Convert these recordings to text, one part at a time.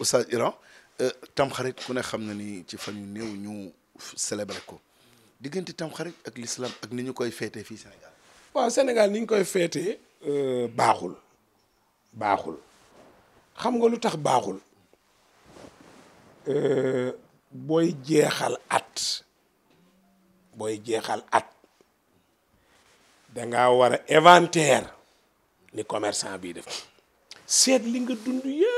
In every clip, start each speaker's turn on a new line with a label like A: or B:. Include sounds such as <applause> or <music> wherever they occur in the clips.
A: Oustaz Iran euh, tamxarit ku ne xam na ni ci fan yu néew ñu célébrer ko diggante tamxarit ak l'islam ak ni ñu koy feetee fii Sénégal. waaw Sénégal ni ñu koy feetee euh, baaxul baaxul xam nga lu tax baaxul euh, booy jeexal at booy jeexal at danga war a inventaire ni commerçant bii def seet li nga dund yëpp.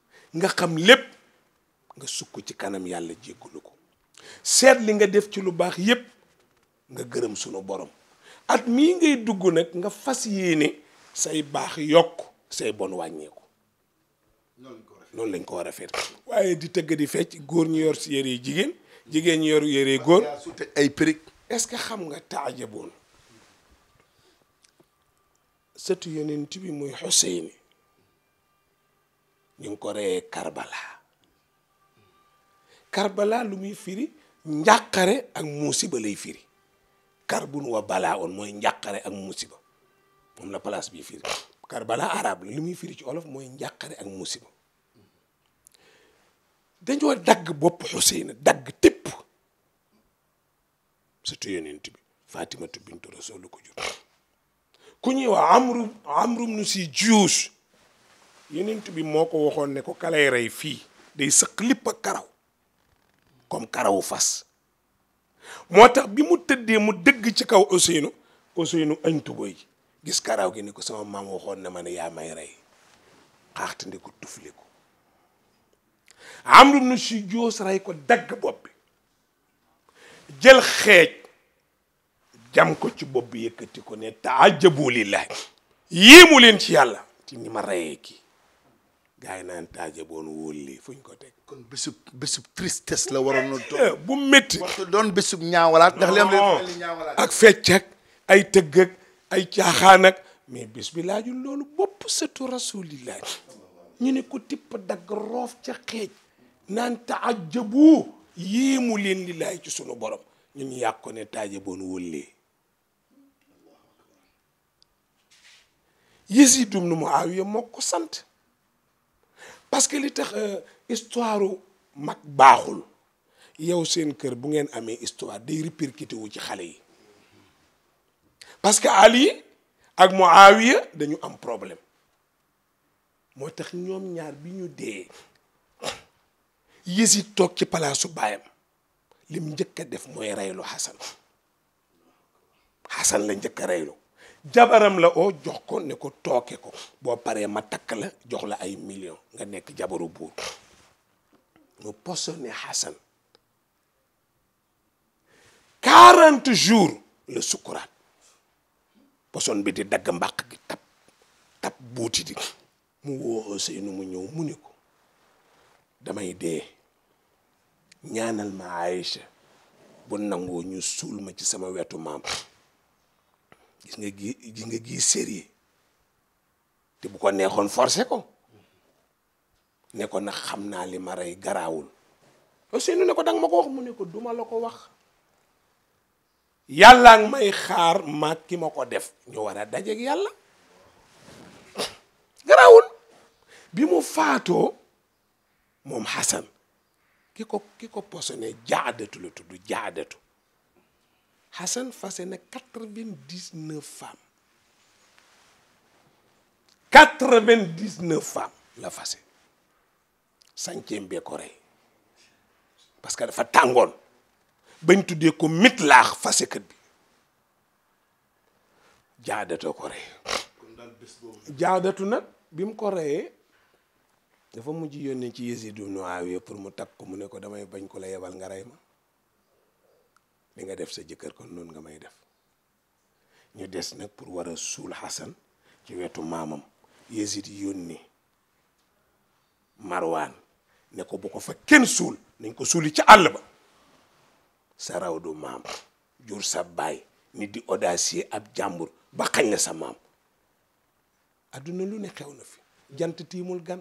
A: nga xam lépp nga sukk ci kanam yàlla jéggalu ko seet li nga def ci lu baax yépp nga gërëm sunu borom at mii ngay dugg nag nga fas yéene say baax yokk say bon wàññeeku loolu lañ ko war a fet waaye di tëgg di fecc góor ñi yor si yére jigéen jigéen ñu yor yére góor ay périg est-ce que xam nga taajaboon sëtu yeneen bi muy Xuseyni ñu ngi ko reyee Karbala Karbala lu muy firi njàqare ak musiba lay firi karbun wa balaa on mooy njàqare ak musiba moom la place bi firi Karbala arab la li muy firi ci olof mooy njàqare ak musiba dañoo dagg bopp Xuseyna dagg tépp surtout yonent bi Fatimatu bintu Rasul ku ñuy wax amru amru nu si juus yenent bi moo ko waxoon ne ko kalay rey fii day sëq lépp ak karaw comme karawu fas moo tax bi mu tëddee mu dëgg ci kaw Ousseynou Ousseynou añ tuboy gis karaw gi ni ko sama maam waxoon na ma ne yaa may rey xaaxtandi ko tufli ko amrum na si joos rey ko dagg bopp jël xeej jam ko ci bopp bi yëkkati ko ne taajabu lillahi yéemu leen ci yàlla ci ni ma reyee kii gaa yi naan taaja boon wóol lii ko teg. kon bésub bésub la waroon a. Eh, bu métti warut doon bésub ñaawalaat ndax leen ñaawalaat. ak fecc ay tëgg ay caaxaan mais bés bi laajul loolu bopp sëtu rasulillah ñu ne ko tipp dagg roof ca xeej naan taajabu yéemu leen li laay ci sunu borom ñun yàq ko ne taaja boon wóol lii Yasiid ibnu Muawiya moo ko sant. parce que li tax euh, histoire mag baaxul yow seen kër bu ngeen amee histoire day répercuté wu ci xale yi parce que Ali ak Muawiya dañu am problème moo tax ñoom ñaar bi ñu dee Yésid toog ci palaasu baayam lim njëkk a def mooy reylu Xasan Xasan la njëkk a reylu jabaram la oo jox ko ne ko tooke ko boo paree ma takk la jox la ay million nga nekk jabaru buur mu posone Hassan quarante jours la sukkuraat poson bi di dagg mbàq gi tab tab buuti di mu woo Ousseynou mu ñëw mu ko damay dee ñaanal ma Aïcha bu nangoo ñu suul ma ci sama wetu maam gis nga gis nga gi te bu ko neexoon forcer ko ne ko na xamna li maray rey o seenu ne ko dang mako wax mu ne ko duma lako wax yalla ng may xaar ma ki mako def ñu wara dajje ak yalla <coughs> garaawul bi mu faato mom hasan kiko kiko posone jaadatu la tuddu jaadatu Hassan fase na quatre-vingt-dix-neuf femmes quatre-vingt-dix-neuf femmes la fase cinquième bee ko rey parce que dafa tàngoon bañ tuddee ko mit laax fase kët bi jaadatoo ko rey jaadatu nag bi mu ko reyee dafa mujj yónnee ci yési du Muawiya pour mu takk ko mu ne ko damay bañ ko la yebal nga rey ma li nga def sa jëkkër kon noonu nga may def ñu des nag pour war a suul Xasan ci wetu maamam yoon ni Marwaan ne ko bu ko fa kenn suul nañ ko suuli ca àll ba sa raw du maam jur sa baay nit di audacier ab jàmbur ba xañ la sa maam adduna lu ne xew na fi jant tiimul gan